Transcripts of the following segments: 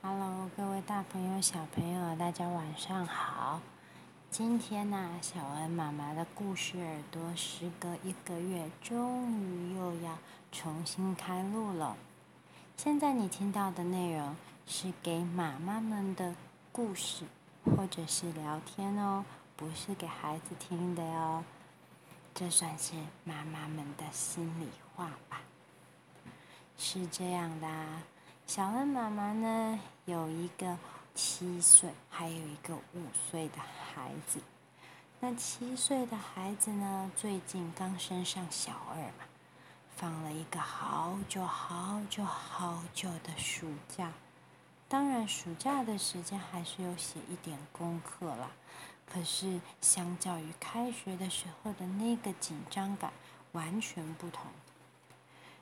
Hello，各位大朋友、小朋友，大家晚上好。今天呢、啊，小恩媽媽的故事耳朵時隔一個月，終於又要重新開錄了。現在你聽到的內容是給媽媽們的故事或者是聊天哦，不是給孩子聽的喲、哦。這算是媽媽們的心裡話吧？是這樣的啊。小恩媽媽呢，有一個七歲，還有一個五歲的孩子。那七歲的孩子呢，最近剛升上小二嘛，放了一個好久好久好久的暑假。當然，暑假的時間還是有寫一點功課啦。可是，相較於開學的時候的那個緊張感，完全不同。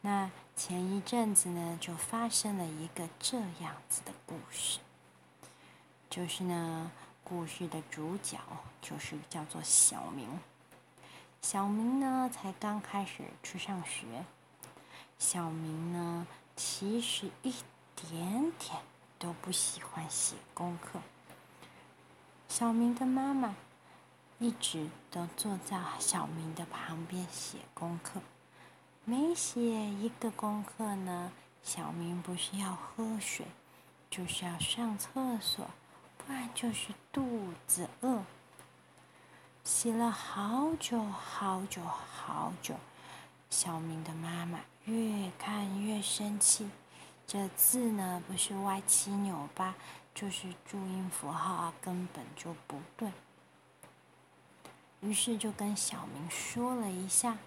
那前一陣子呢，就發生了一個這樣子的故事，就是呢，故事的主角就是叫做小明。小明呢，才剛開始去上學。小明呢，其實一點點都不喜歡寫功課。小明的媽媽，一直都坐在小明的旁邊寫功課。每寫一個功課呢，小明不是要喝水，就是要上廁所，不然就是肚子餓。寫了好久好久好久，小明的媽媽越看越生氣，這字呢，不是歪七扭八，就是注音符號啊根本就不對。於是就跟小明說了一下。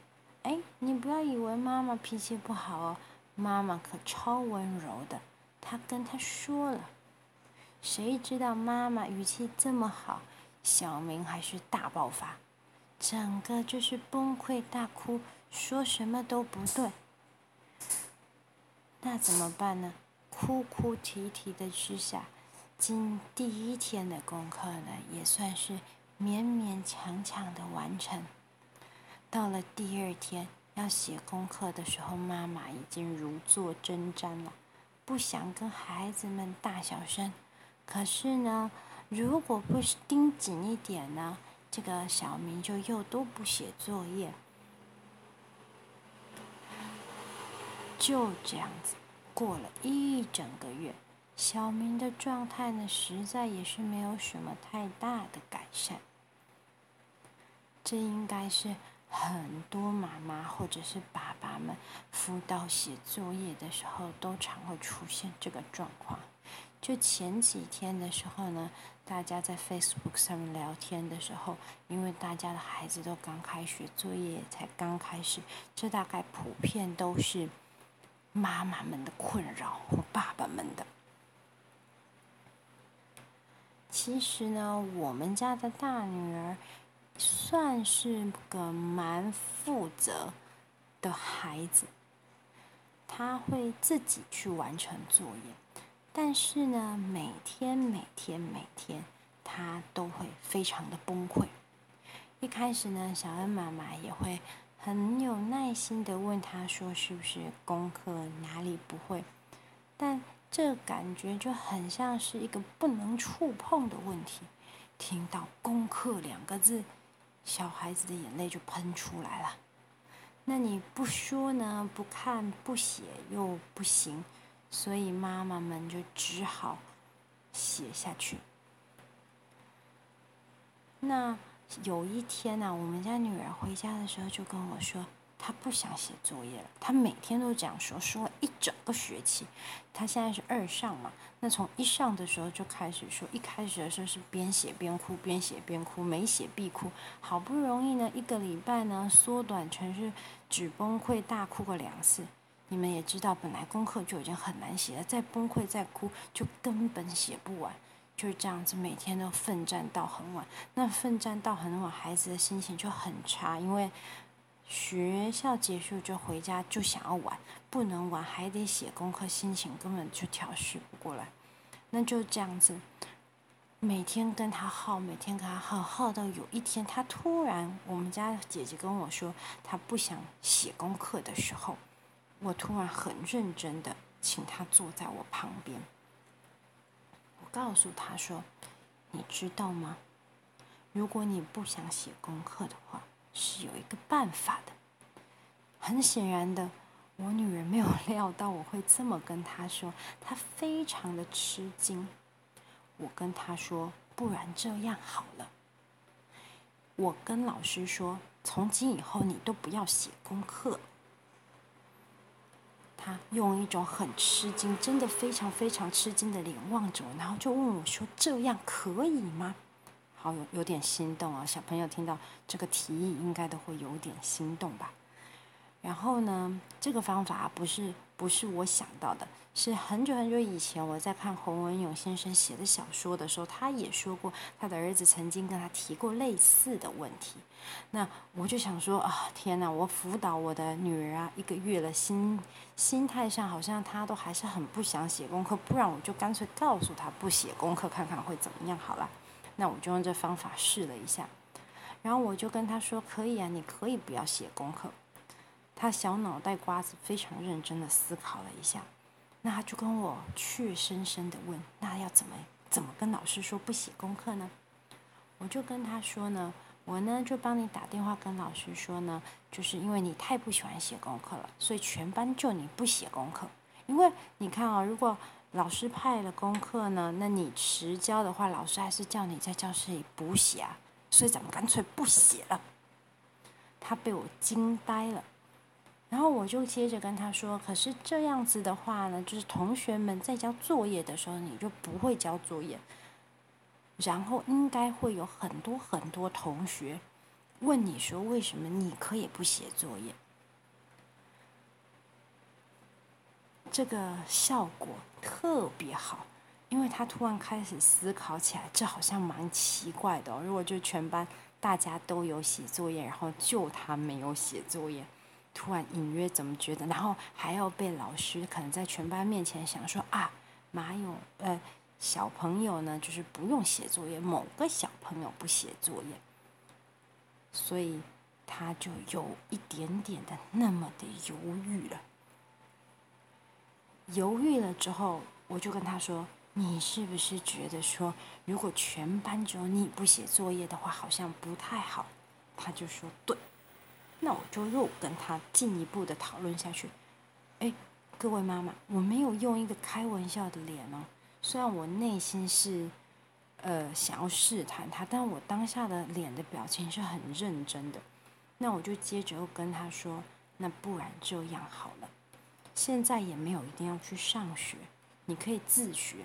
哎，你不要以為媽媽脾氣不好哦，媽媽可超溫柔的。她跟他說了，誰知道媽媽語氣這麼好，小明還是大爆發，整個就是崩潰大哭，說什麼都不對。那怎麼辦呢？哭哭啼啼，啼的寫下，今第一天的功課呢，也算是勉勉強強，強的完成。到了第二天要寫功課的時候，媽媽已經如坐針氈了，不想跟孩子們大小聲。可是呢，如果不是盯緊一點呢，這個小明就又都不寫作業。就這樣子過了一整個月，小明的狀態呢，實在也是沒有什麼太大的改善。這應該是。很多媽媽或者是爸爸們輔導寫作業的時候，都常會出現這個狀況。就前幾天的時候呢，大家在 Facebook 上面聊天的時候，因為大家的孩子都剛開學，作業才剛開始，這大概普遍都是媽媽們的困擾或爸爸們的。其實呢，我們家的大女兒。算是個蠻負責的孩子，他會自己去完成作業，但是呢，每天每天每天，他都會非常的崩潰。一開始呢，小恩媽媽也會很有耐心的問他說：“是不是功課哪裡不會？”但這感覺就很像是一個不能觸碰的問題。聽到“功課”兩個字。小孩子的眼淚就噴出來了，那你不說呢？不看不寫又不行，所以媽媽們就只好寫下去。那有一天呢、啊，我們家女兒回家的時候就跟我說。他不想寫作業了，他每天都這樣說，說了一整個學期。他現在是二上嘛，那從一上的時候就開始說，一開始的時候是邊寫邊哭，邊寫邊哭，沒寫必哭。好不容易呢，一個禮拜呢，縮短成是只崩潰大哭過兩次。你們也知道，本來功課就已經很難寫了，再崩潰再哭，就根本寫不完。就是這樣子，每天都奮戰到很晚。那奮戰到很晚，孩子的心情就很差，因為。學校結束就回家，就想要玩，不能玩還得寫功課，心情根本就調適不過來。那就這樣子，每天跟他耗，每天跟他耗，耗到有一天他突然，我們家姐姐跟我說他不想寫功課的時候，我突然很認真的請他坐在我旁邊，我告訴他說，你知道嗎？如果你不想寫功課的話。是有一個辦法的，很顯然的，我女兒沒有料到我會這麼跟她說，她非常的吃驚。我跟她說，不然這樣好了。我跟老師說，從今以後你都不要寫功課。她用一種很吃驚，真的非常非常吃驚的臉望着我，然後就問我說：“這樣可以嗎？”好，有，有點心動啊哦！小朋友聽到這個提議，應該都會有點心動吧？然後呢，這個方法不是，不是我想到的，是很久很久以前我在看洪文勇先生寫的小說的時候，他也說過他的兒子曾經跟他提過類似的問題。那我就想說啊，天哪啊！我輔導我的女兒啊一個月了，心心態上好像她都還是很不想寫功課，不然我就乾脆告訴她不寫功課看看會怎麼樣好了。那我就用這方法試了一下，然後我就跟他說：“可以啊，你可以不要寫功課。”他小腦袋瓜子非常認真地思考了一下，那他就跟我怯生生地問：“那要怎麼怎麼跟老師說不寫功課呢？”我就跟他說呢：“我呢就幫你打電話跟老師說呢，就是因為你太不喜歡寫功課了，所以全班就你不寫功課。因為你看啊、哦，如果……”老師派了功課呢，那你遲交的話，老師還是叫你在教室裡補寫啊，所以咱們乾脆不寫了。他被我驚呆了，然後我就接着跟他說：“可是這樣子的話呢，就是同學們在交作業的時候，你就不會交作業，然後應該會有很多很多同學問你說為什麼你可以不寫作業。”這個效果特別好，因為他突然開始思考起來，這好像蠻奇怪的哦。如果就全班大家都有寫作業，然後就他沒有寫作業，突然隱約怎麼覺得，然後還要被老師可能在全班面前想說啊，哪有，呃，小朋友呢就是不用寫作業，某個小朋友不寫作業，所以他就有一點點的那麼的猶豫了。猶豫了之後，我就跟他說：“你是不是覺得說，如果全班只有你不寫作業的話，好像不太好？”他就說：“對。”那我就又跟他進一步的討論下去。哎，各位媽媽，我沒有用一個開玩笑的臉哦，雖然我內心是，呃，想要試探他，但我當下的臉的表情是很認真的。那我就接着又跟他說：“那不然這樣好了。”現在也沒有一定要去上學，你可以自學，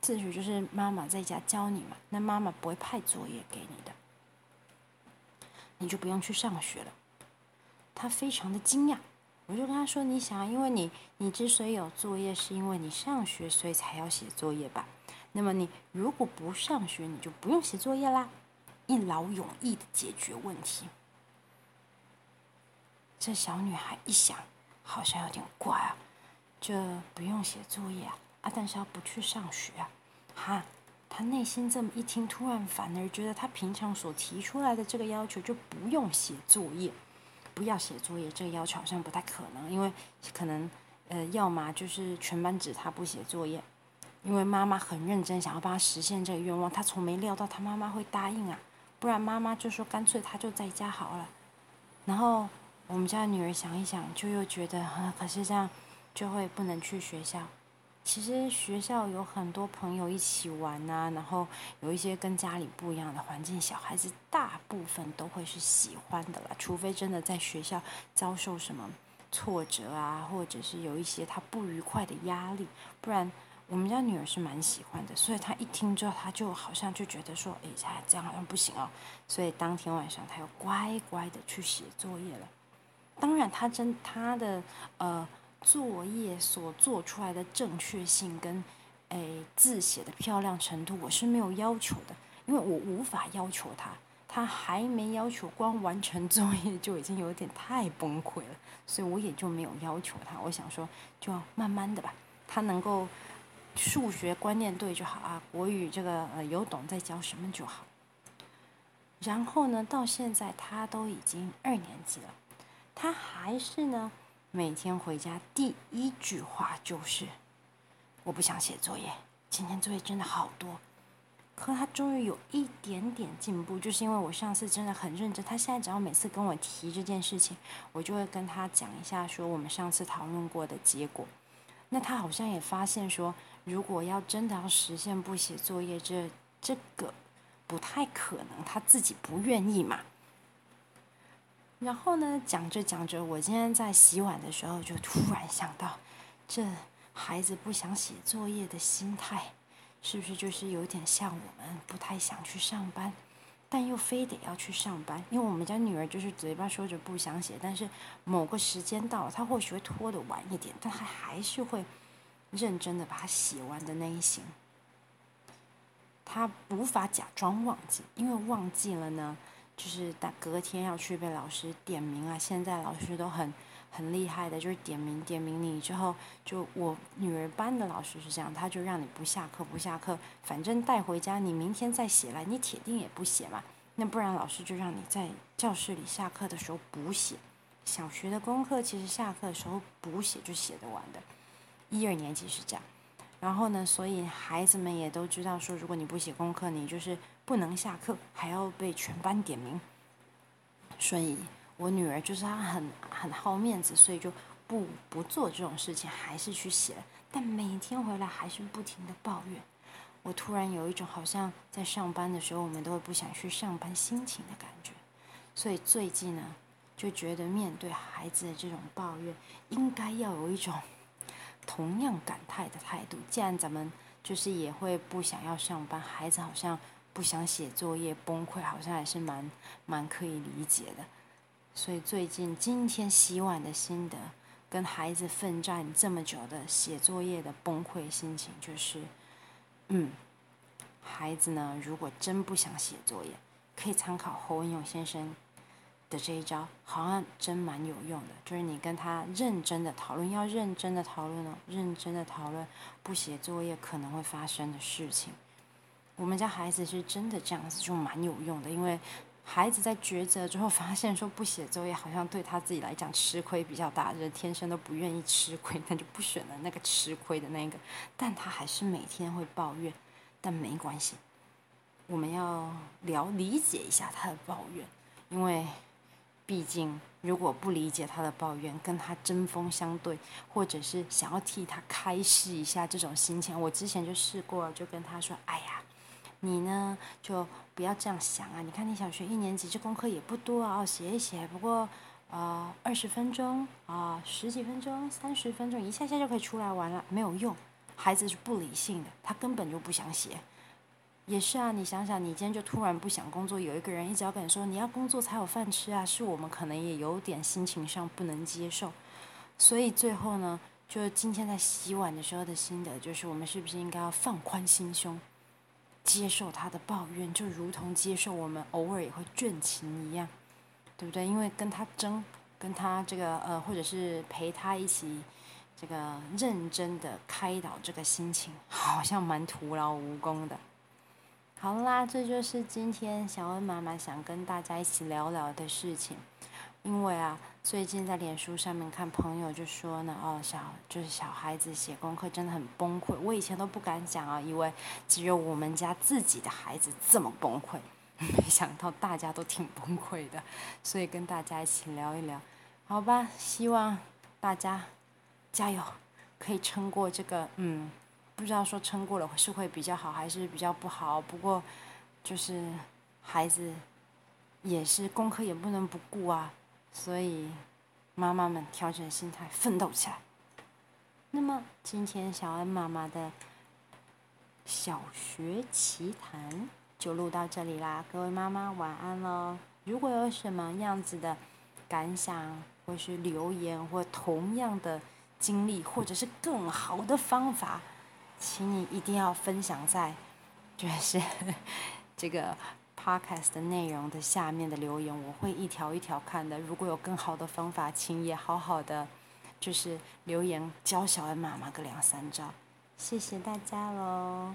自學就是媽媽在家教你嘛，那媽媽不會派作業給你的，你就不用去上學了。她非常的驚訝，我就跟她說：“你想，因為你你之所以有作業，是因為你上學，所以才要寫作業吧？那麼你如果不上學，你就不用寫作業啦，一勞永逸的解決問題。”這小女孩一想。好像有點怪啊，就不用寫作業啊，啊，但是要不去上學啊？哈，他內心這麼一聽，突然反而覺得他平常所提出來的這個要求就不用寫作業，不要寫作業這個要求好像不太可能，因為可能呃，要麼就是全班指他不寫作業，因為媽媽很認真想要幫他實現這個願望，他從沒料到他媽媽會答應啊，不然媽媽就說乾脆他就在家好了，然後。我們家女兒想一想，就又覺得啊，可是這樣就會不能去學校。其實學校有很多朋友一起玩吶、啊，然後有一些跟家裡不一樣的環境，小孩子大部分都會是喜歡的了，除非真的在學校遭受什麼挫折啊，或者是有一些他不愉快的壓力，不然我們家女兒是蠻喜歡的。所以她一聽之後，她就好像就覺得說，哎、欸，這樣好像不行哦。所以當天晚上，她又乖乖的去寫作業了。當然他，他真他的呃作業所做出來的正確性跟，哎，字寫的漂亮程度我是沒有要求的，因為我無法要求他，他還沒要求，光完成作業就已經有點太崩潰了，所以我也就沒有要求他。我想說，就慢慢的吧，他能夠數學觀念對就好啊，國語這個、呃、有懂在教什麼就好。然後呢，到現在他都已經二年級了。他還是呢，每天回家第一句話就是，我不想寫作業，今天作業真的好多。可他終於有一點點進步，就是因為我上次真的很認真，他現在只要每次跟我提這件事情，我就會跟他講一下說我們上次討論過的結果。那他好像也發現說，如果要真的要實現不寫作業，這這個不太可能，他自己不願意嘛。然後呢，講着講着，我今天在洗碗的時候就突然想到，這孩子不想寫作業的心態，是不是就是有點像我們不太想去上班，但又非得要去上班？因為我們家女兒就是嘴巴說着不想寫，但是某個時間到了，她或許會拖得晚一點，但她還是會認真的把它寫完的那一型。她無法假裝忘記，因為忘記了呢。就是大隔天要去被老師點名啊！現在老師都很很厲害的，就是點名點名你之後，就我女兒班的老師是這樣，他就讓你不下課不下課，反正帶回家你明天再寫來，你鐵定也不寫嘛。那不然老師就讓你在教室裡下課的時候補寫。小學的功課其實下課的時候補寫就寫得完的，一二年級是這樣。然後呢，所以孩子們也都知道說，如果你不寫功課，你就是不能下課，還要被全班點名。所以，我女兒就是她很很好面子，所以就不不做這種事情，還是去寫了。但每天回來還是不停的抱怨。我突然有一種好像在上班的時候，我們都會不想去上班心情的感覺。所以最近呢，就覺得面對孩子的這種抱怨，應該要有一種。同樣感嘆的態度，既然咱們就是也會不想要上班，孩子好像不想寫作業，崩潰好像還是蠻蠻可以理解的。所以最近今天洗碗的心得，跟孩子奮戰這麼久的寫作業的崩潰心情，就是，嗯，孩子呢，如果真不想寫作業，可以參考侯文詠先生。的這一招好像真蠻有用的，就是你跟他認真的討論，要認真的討論哦，認真的討論不寫作業可能會發生的事情。我們家孩子是真的這樣子就蠻有用的，因為孩子在抉擇之後發現說不寫作業好像對他自己來講吃虧比較大，人天生都不願意吃虧，他就不選了那個吃虧的那個。但他還是每天會抱怨，但沒關係，我們要了理解一下他的抱怨，因為。畢竟，如果不理解他的抱怨，跟他針鋒相對，或者是想要替他開示一下這種心情，我之前就試過，就跟他說：“哎呀，你呢就不要這樣想啊！你看，你小學一年級這功課也不多啊，哦，寫一寫，不過呃二十分鐘啊呃、十幾分鐘、三十分鐘一下下就可以出來玩了，沒有用。孩子是不理性的，他根本就不想寫。”也是啊，你想想，你今天就突然不想工作，有一個人一直要跟你說你要工作才有飯吃啊，是我們可能也有點心情上不能接受，所以最後呢，就今天在洗碗的時候的心得就是，我們是不是應該要放寬心胸，接受他的抱怨，就如同接受我們偶爾也會倦勤一樣，對不對？因為跟他爭，跟他這個呃，或者是陪他一起這個認真的開導這個心情，好像蠻徒勞無功的。好啦，這就是今天小恩媽媽想跟大家一起聊聊的事情。因為啊，最近在臉書上面看朋友就說呢，哦，小就是小孩子寫功課真的很崩潰。我以前都不敢講啊，以為只有我們家自己的孩子這麼崩潰，沒想到大家都挺崩潰的。所以跟大家一起聊一聊，好吧？希望大家加油，可以撐過這個，嗯。不知道說撐過了是會比較好，還是比較不好？不過，就是孩子，也是功課也不能不顧啊。所以，媽媽們調整心態，奮鬥起來。那麼，今天小恩媽媽的《小學奇談》就錄到這裡啦。各位媽媽晚安嘍！如果有什麼樣子的感想，或是留言，或同樣的經歷，或者是更好的方法，請你一定要分享在，就是這個 podcast 的內容的下面的留言，我會一條一條看的。如果有更好的方法，請也好好的，就是留言教小恩媽媽個兩三招。謝謝大家嘍。